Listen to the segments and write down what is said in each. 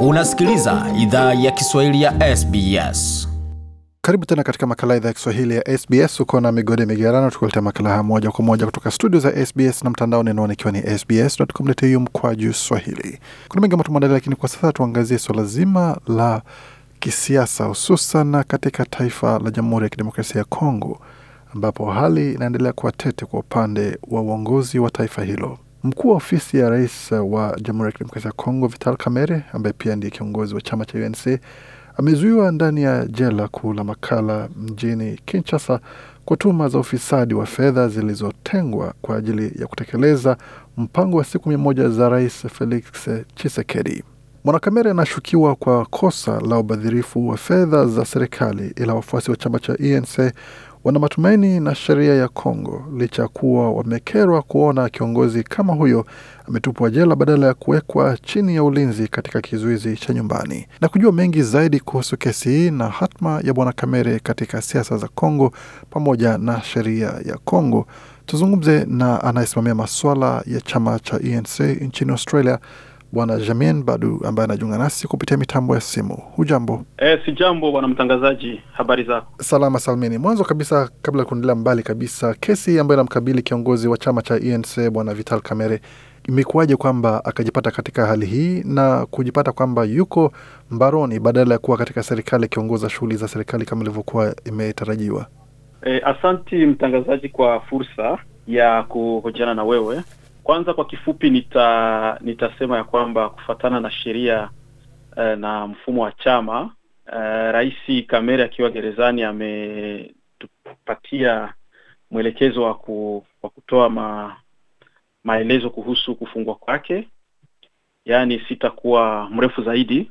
Unasikiliza idhaa ya Kiswahili ya SBS. Karibu tena katika makala idhaa ya Kiswahili ya SBS. Uko na migode migerano, tukuletea makala haya moja kwa moja kutoka studio za SBS na mtandao naona ikiwa ni sbs.com.au juu swahili. Kuna mengi ambayo tumeandalia, lakini kwa sasa tuangazie swala so zima la kisiasa, hususan katika taifa la Jamhuri ya Kidemokrasia ya Kongo ambapo hali inaendelea kuwa tete kwa upande wa uongozi wa taifa hilo. Mkuu wa ofisi ya rais wa Jamhuri ya Kidemokrasia ya Kongo Vital Kamerhe, ambaye pia ndiye kiongozi wa chama cha UNC, amezuiwa ndani ya jela kuu la Makala mjini Kinshasa kwa tuhuma za ufisadi wa fedha zilizotengwa kwa ajili ya kutekeleza mpango wa siku mia moja za Rais Felix Chisekedi. Mwanakamere anashukiwa kwa kosa la ubadhirifu wa fedha za serikali, ila wafuasi wa chama cha ENC wana matumaini na sheria ya Kongo licha ya kuwa wamekerwa kuona kiongozi kama huyo ametupwa jela badala ya kuwekwa chini ya ulinzi katika kizuizi cha nyumbani. Na kujua mengi zaidi kuhusu kesi hii na hatma ya bwana Kamere katika siasa za Kongo pamoja na sheria ya Kongo, tuzungumze na anayesimamia masuala ya chama cha ENC nchini Australia Bwana Jamien Badu ambaye anajiunga nasi kupitia mitambo ya simu. Hujambo? E, si jambo bwana mtangazaji, habari zako? Salama salmini. Mwanzo kabisa, kabla ya kuendelea mbali kabisa, kesi ambayo inamkabili kiongozi wa chama cha ENC bwana Vital Kamere, imekuwaje kwamba akajipata katika hali hii na kujipata kwamba yuko mbaroni badala ya kuwa katika serikali akiongoza shughuli za serikali kama ilivyokuwa imetarajiwa? E, asanti mtangazaji kwa fursa ya kuhojiana na wewe. Kwanza kwa kifupi nita, nitasema ya kwamba kufatana na sheria eh, na mfumo wa chama eh, Rais Kamere akiwa gerezani ametupatia mwelekezo wa, ku, wa kutoa ma, maelezo kuhusu kufungwa kwake, yaani sitakuwa mrefu zaidi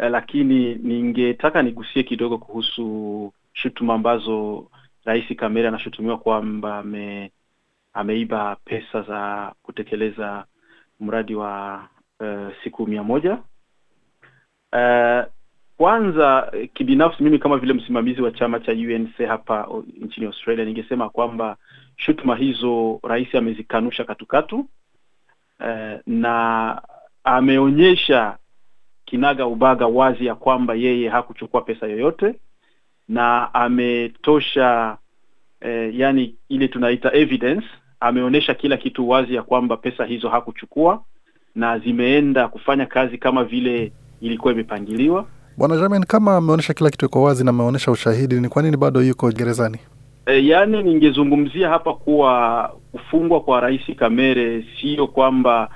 eh, lakini ningetaka nigusie kidogo kuhusu shutuma ambazo Rais Kamere anashutumiwa kwamba ame ameiba pesa za kutekeleza mradi wa uh, siku mia moja. Uh, kwanza kibinafsi, mimi kama vile msimamizi wa chama cha UNC hapa nchini Australia, ningesema kwamba shutuma hizo rais amezikanusha katukatu uh, na ameonyesha kinaga ubaga wazi ya kwamba yeye hakuchukua pesa yoyote na ametosha eh, yani ile tunaita evidence, ameonyesha kila kitu wazi ya kwamba pesa hizo hakuchukua na zimeenda kufanya kazi kama vile ilikuwa imepangiliwa. Bwana Jamin, kama ameonyesha kila kitu iko wazi na ameonyesha ushahidi, ni kwa nini bado yuko gerezani? E, yani ningezungumzia hapa kuwa kufungwa kwa Rais Kamere sio kwamba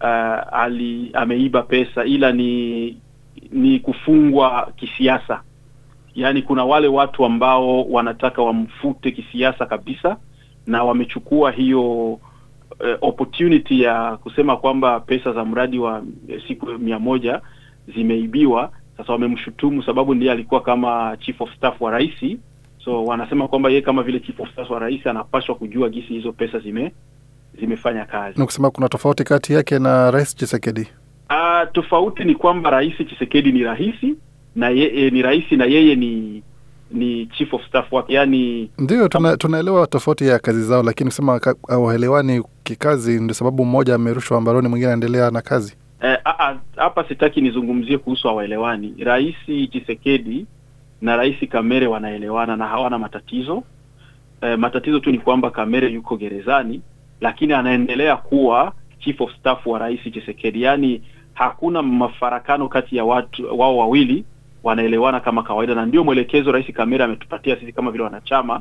uh, ali ameiba pesa ila ni ni kufungwa kisiasa yaani kuna wale watu ambao wanataka wamfute kisiasa kabisa na wamechukua hiyo eh, opportunity ya kusema kwamba pesa za mradi wa eh, siku mia moja zimeibiwa. Sasa wamemshutumu sababu ndiye alikuwa kama chief of staff wa rais, so wanasema kwamba yeye kama vile chief of staff wa rais anapaswa kujua gisi hizo pesa zime zimefanya kazi. Ni kusema kuna tofauti kati yake na rais Chisekedi? Ah, tofauti ni kwamba rais Chisekedi ni rahisi na ye, eh, ni rais na yeye ni ni chief of staff wake, yani ndio tuna, tunaelewa tofauti ya kazi zao, lakini kusema hawaelewani kikazi, ndio sababu mmoja amerushwa mbaroni, mwingine anaendelea na kazi. Eh, hapa sitaki nizungumzie kuhusu hawaelewani. Rais chisekedi na Rais Kamere wanaelewana na hawana matatizo E, matatizo tu ni kwamba Kamere yuko gerezani, lakini anaendelea kuwa chief of staff wa Rais chisekedi yani hakuna mafarakano kati ya watu wao wawili wanaelewana kama kawaida, na ndio mwelekezo Rais Kamera ametupatia sisi kama vile wanachama,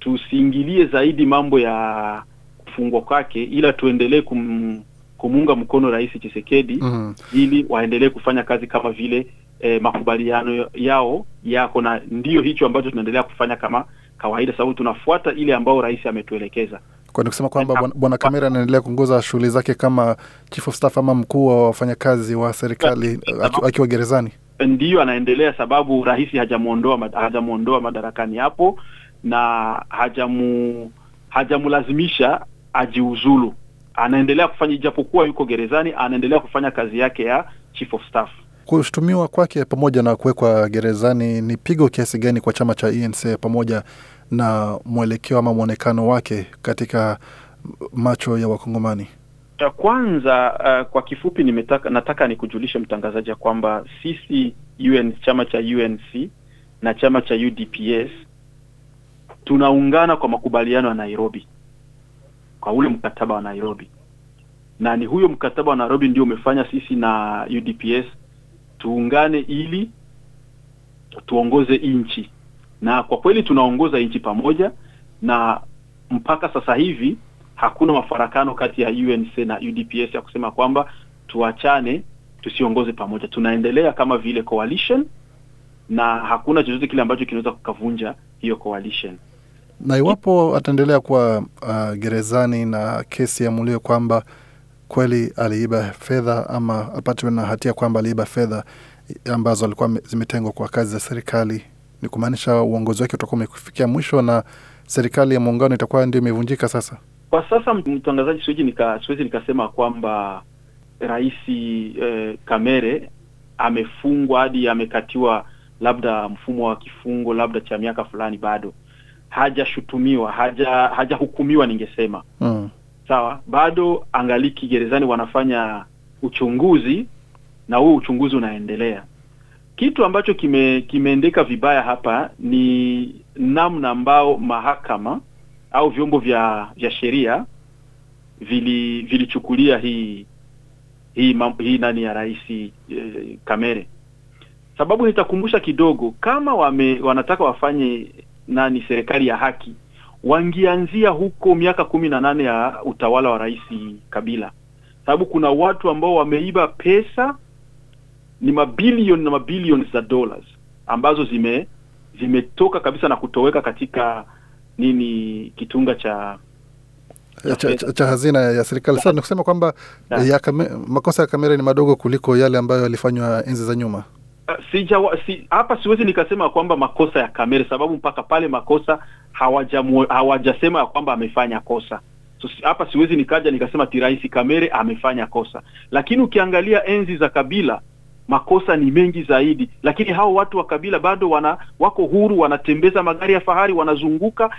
tusiingilie zaidi mambo ya kufungwa kwake, ila tuendelee kum, kumuunga mkono Rais chisekedi mm -hmm. ili waendelee kufanya kazi kama vile eh, makubaliano yao yako, na ndio hicho ambacho tunaendelea kufanya kama kawaida, sababu tunafuata ile ambayo rais ametuelekeza ni kusema kwamba bwana Kamera anaendelea kuongoza shughuli zake kama chief of staff ama mkuu wa wafanyakazi wa serikali akiwa gerezani ndiyo anaendelea, sababu rahisi hajamuondoa hajamuondoa madarakani hapo na hajamu hajamlazimisha ajiuzulu. Anaendelea kufanya ijapokuwa yuko gerezani, anaendelea kufanya kazi yake ya chief of staff. Kushutumiwa kwake pamoja na kuwekwa gerezani ni pigo kiasi gani kwa chama cha ENC pamoja na mwelekeo ama mwonekano wake katika macho ya Wakongomani? Cha kwanza uh, kwa kifupi nimetaka, nataka nikujulishe mtangazaji ya kwamba sisi UN, chama cha UNC na chama cha UDPS tunaungana kwa makubaliano ya Nairobi, kwa ule mkataba wa Nairobi, na ni huyo mkataba wa Nairobi ndio umefanya sisi na UDPS tuungane ili tuongoze nchi, na kwa kweli tunaongoza nchi pamoja, na mpaka sasa hivi hakuna mafarakano kati ya UNC na UDPS ya kusema kwamba tuachane, tusiongoze pamoja, tunaendelea kama vile coalition na hakuna chochote kile ambacho kinaweza kukavunja hiyo coalition. Na iwapo ataendelea kuwa uh, gerezani na kesi mulio kwamba kweli aliiba fedha ama apatiwe na hatia kwamba aliiba fedha ambazo alikuwa zimetengwa kwa kazi za serikali, ni kumaanisha uongozi wake utakuwa umefikia mwisho na serikali ya muungano itakuwa ndio imevunjika sasa. Kwa sasa mtangazaji, siwezi nika, siwezi nikasema kwamba Rais eh, Kamere amefungwa hadi amekatiwa labda mfumo wa kifungo labda cha miaka fulani, bado hajashutumiwa, haja hajahukumiwa, ningesema mm. Sawa, bado angaliki gerezani, wanafanya uchunguzi na huu uchunguzi unaendelea. Kitu ambacho kime- kimeendeka vibaya hapa ni namna ambao mahakama au vyombo vya vya sheria vili vilichukulia hii hii mambo hii nani ya rais e, Kamere. Sababu nitakumbusha kidogo, kama wame, wanataka wafanye nani serikali ya haki, wangianzia huko miaka kumi na nane ya utawala wa rais Kabila, sababu kuna watu ambao wameiba pesa, ni mabilioni na mabilioni za dollars ambazo zime zimetoka kabisa na kutoweka katika nini kitunga cha cha, cha, cha hazina ya serikali. Sasa nikusema kwamba ya kame, makosa ya Kamera ni madogo kuliko yale ambayo yalifanywa enzi za nyuma. Uh, si, hapa siwezi nikasema kwamba makosa ya Kamera, sababu mpaka pale makosa hawajasema hawaja ya kwamba amefanya kosa hapa. So, siwezi nikaja nikasema ti Rais Kamere amefanya kosa, lakini ukiangalia enzi za Kabila makosa ni mengi zaidi, lakini hao watu wa kabila bado wana wako huru, wanatembeza magari ya fahari, wanazunguka.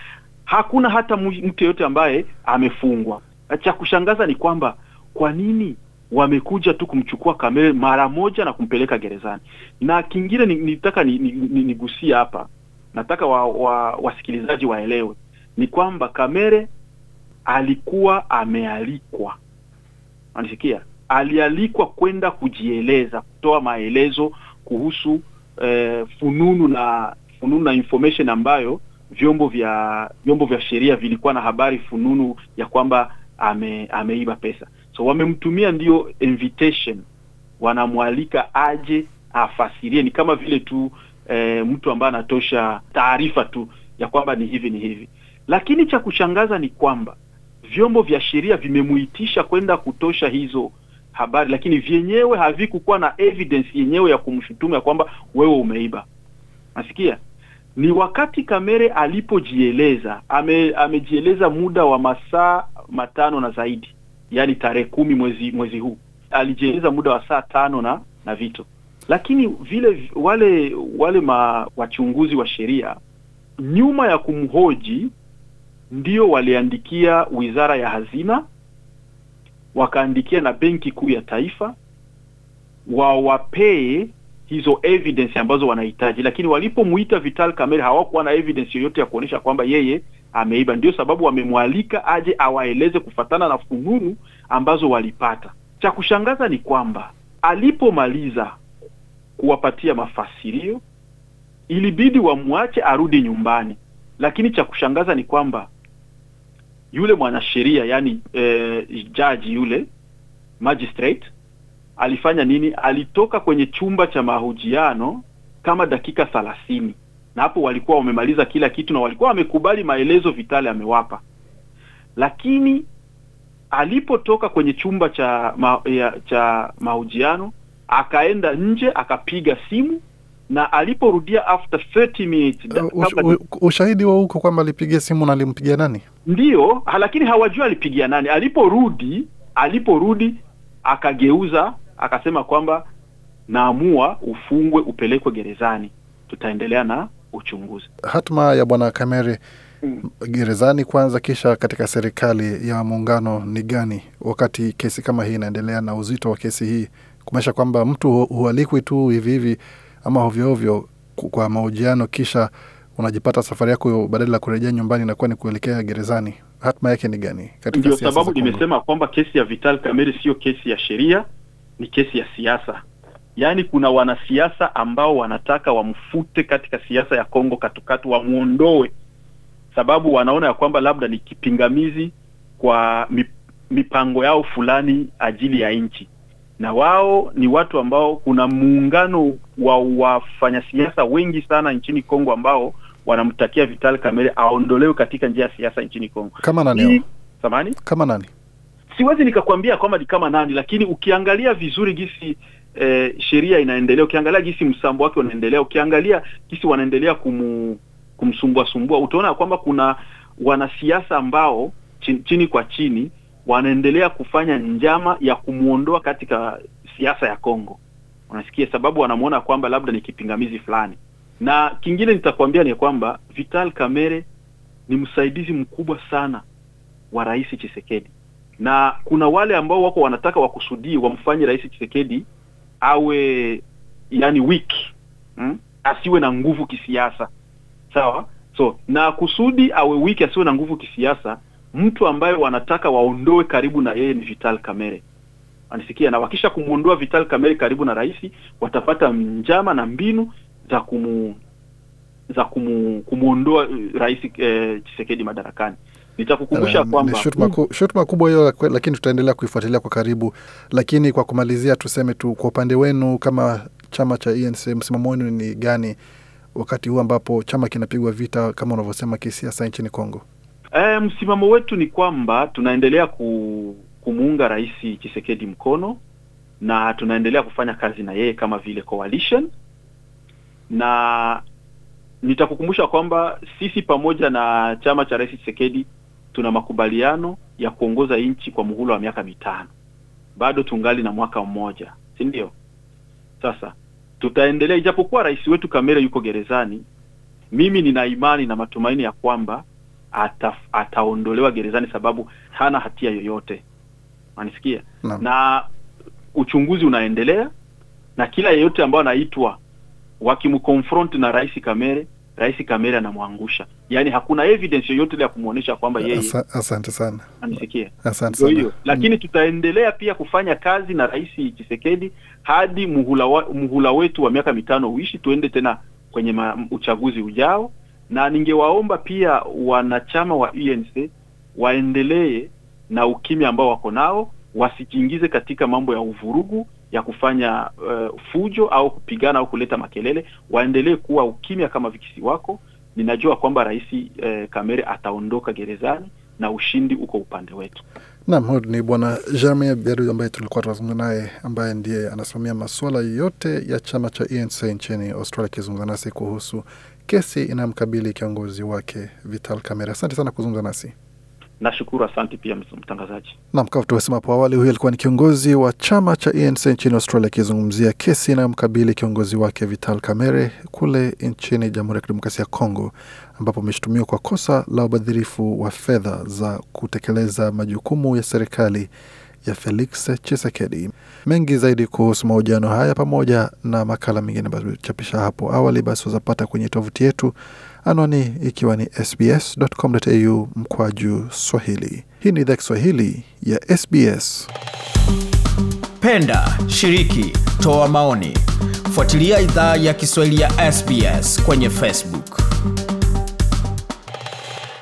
Hakuna hata mtu yeyote ambaye amefungwa. Cha kushangaza ni kwamba kwa nini wamekuja tu kumchukua Kamere mara moja na kumpeleka gerezani. Na kingine nitaka ni, ni, ni hapa, nataka wa, wa, wasikilizaji waelewe ni kwamba Kamere alikuwa amealikwa, anisikia alialikwa kwenda kujieleza, kutoa maelezo kuhusu eh, fununu na fununu na information ambayo vyombo vya vyombo vya sheria vilikuwa na habari fununu ya kwamba ame, ameiba pesa. So wamemtumia ndio invitation, wanamwalika aje afasirie. Ni kama vile tu eh, mtu ambaye anatosha taarifa tu ya kwamba ni hivi ni hivi, lakini cha kushangaza ni kwamba vyombo vya sheria vimemuitisha kwenda kutosha hizo habari, lakini vyenyewe havikukuwa na evidence yenyewe ya kumshutumu ya kwamba wewe umeiba. Nasikia ni wakati Kamere alipojieleza, ame, amejieleza muda wa masaa matano na zaidi, yaani tarehe kumi mwezi mwezi huu alijieleza muda wa saa tano na na vito, lakini vile wale wale ma, wachunguzi wa sheria nyuma ya kumhoji ndio waliandikia Wizara ya Hazina wakaandikia na Benki Kuu ya Taifa wawapee hizo evidence ambazo wanahitaji, lakini walipomuita Vital Kamerhe hawakuwa na evidence yoyote ya kuonyesha kwamba yeye ameiba. Ndio sababu wamemwalika aje awaeleze kufatana na fununu ambazo walipata. Cha kushangaza ni kwamba alipomaliza kuwapatia mafasirio ilibidi wamwache arudi nyumbani, lakini cha kushangaza ni kwamba yule mwanasheria yani eh, jaji yule magistrate alifanya nini? Alitoka kwenye chumba cha mahojiano kama dakika thalathini na hapo walikuwa wamemaliza kila kitu na walikuwa wamekubali maelezo Vitali amewapa, lakini alipotoka kwenye chumba cha ma, ya, cha mahojiano akaenda nje akapiga simu na aliporudia after 30 minutes uh, ushahidi wa huko kwamba alipigia simu na alimpigia nani? Ndiyo, lakini hawajua alipigia nani. Aliporudi, aliporudi akageuza akasema kwamba naamua ufungwe, upelekwe gerezani, tutaendelea na uchunguzi. Hatma ya bwana Kamere mm, gerezani kwanza, kisha katika serikali ya muungano ni gani? Wakati kesi kama hii inaendelea na uzito wa kesi hii, kumaanisha kwamba mtu hualikwi tu hivihivi hivi ama hovyohovyo kwa mahojiano, kisha unajipata safari yako badala ya kurejea nyumbani inakuwa ni kuelekea gerezani. Hatma yake ni gani? Ndio sababu nimesema kwamba kesi ya Vital Kamerhe siyo kesi ya sheria, ni kesi ya siasa. Yaani kuna wanasiasa ambao wanataka wamfute katika siasa ya Kongo katukatu, wamwondoe sababu wanaona ya kwamba labda ni kipingamizi kwa mipango yao fulani ajili ya nchi na wao ni watu ambao kuna muungano wa wafanyasiasa wengi sana nchini Kongo ambao wanamtakia Vital Kamerhe aondolewe katika njia ya siasa nchini Kongo. Kama nani? Samani? Kama nani? Siwezi nikakwambia kwamba ni kama nani, lakini ukiangalia vizuri gisi eh, sheria inaendelea, ukiangalia gisi msambo wake unaendelea, ukiangalia gisi wanaendelea kumu, kumsumbua sumbua, utaona kwamba kuna wanasiasa ambao chini, chini kwa chini wanaendelea kufanya njama ya kumwondoa katika siasa ya Kongo, unasikia, sababu wanamwona kwamba labda ni kipingamizi fulani. Na kingine nitakwambia ni kwamba Vital Kamerhe ni msaidizi mkubwa sana wa Rais Tshisekedi, na kuna wale ambao wako wanataka wakusudii wamfanye Rais Tshisekedi awe yani weak hmm? asiwe na nguvu kisiasa, sawa so na kusudi awe weak asiwe na nguvu kisiasa mtu ambaye wanataka waondoe karibu na yeye ni Vital Kamerhe anisikia, na wakisha kumwondoa Vital Kamerhe karibu na rais, watapata njama na mbinu za kumu za kumu, kumwondoa eh, rais eh, madarakani. Nitakukumbusha eh, kwamba shutuma kubwa hiyo, lakini tutaendelea kuifuatilia kwa karibu. Lakini kwa kumalizia, tuseme tu kwa upande wenu kama chama cha ENC, msimamo wenu ni gani wakati huu ambapo chama kinapigwa vita kama unavyosema kisiasa nchini Kongo? E, msimamo wetu ni kwamba tunaendelea ku, kumuunga Rais Chisekedi mkono na tunaendelea kufanya kazi na yeye kama vile coalition, na nitakukumbusha kwamba sisi pamoja na chama cha Rais Chisekedi tuna makubaliano ya kuongoza nchi kwa muhula wa miaka mitano. Bado tungali na mwaka mmoja, si ndio? Sasa tutaendelea, ijapokuwa rais wetu Kamere yuko gerezani, mimi nina imani na matumaini ya kwamba ata, ataondolewa gerezani sababu hana hatia yoyote. Unanisikia? Na, na uchunguzi unaendelea na kila yeyote ambayo anaitwa wakimkonfront na Rais Kamere, Rais Kamere anamwangusha. Yaani hakuna evidence yoyote ile ya kumwonyesha kwamba yeye. Asante sana. Asante sana. Hiyo. Lakini mm, tutaendelea pia kufanya kazi na Rais chisekedi hadi muhula, wa, muhula wetu wa miaka mitano uishi tuende tena kwenye ma, uchaguzi ujao na ningewaomba pia wanachama wa UNC waendelee na ukimya ambao wako nao, wasijiingize katika mambo ya uvurugu ya kufanya uh, fujo au kupigana au kuleta makelele. Waendelee kuwa ukimya kama vikisi wako. Ninajua kwamba Rais uh, eh, Kamere ataondoka gerezani na ushindi uko upande wetu. Naam, huyu ni Bwana Germain Beru ambaye tulikuwa tunazungumza naye, ambaye ndiye anasimamia masuala yote ya chama cha ENC nchini Australia, akizungumza nasi kuhusu kesi inamkabili kiongozi wake Vital Kamera. Asante sana kuzungumza nasi. Nashukuru, asante pia mtangazaji. Nam, kama tumesema hapo awali, huyu alikuwa ni kiongozi wa chama cha ANC e nchini Australia akizungumzia kesi inayomkabili kiongozi wake Vital Kamerhe kule nchini Jamhuri ya Kidemokrasia ya Kongo, ambapo ameshutumiwa kwa kosa la ubadhirifu wa fedha za kutekeleza majukumu ya serikali ya Felix Chisekedi. Mengi zaidi kuhusu mahojiano haya pamoja na makala mengine ambayo tulichapisha hapo awali, basi wazapata kwenye tovuti yetu, anwani ikiwa ni sbs.com.au mkwaju swahili. Hii ni idhaa Kiswahili ya SBS. Penda, shiriki, toa maoni, fuatilia idhaa ya Kiswahili ya SBS kwenye Facebook.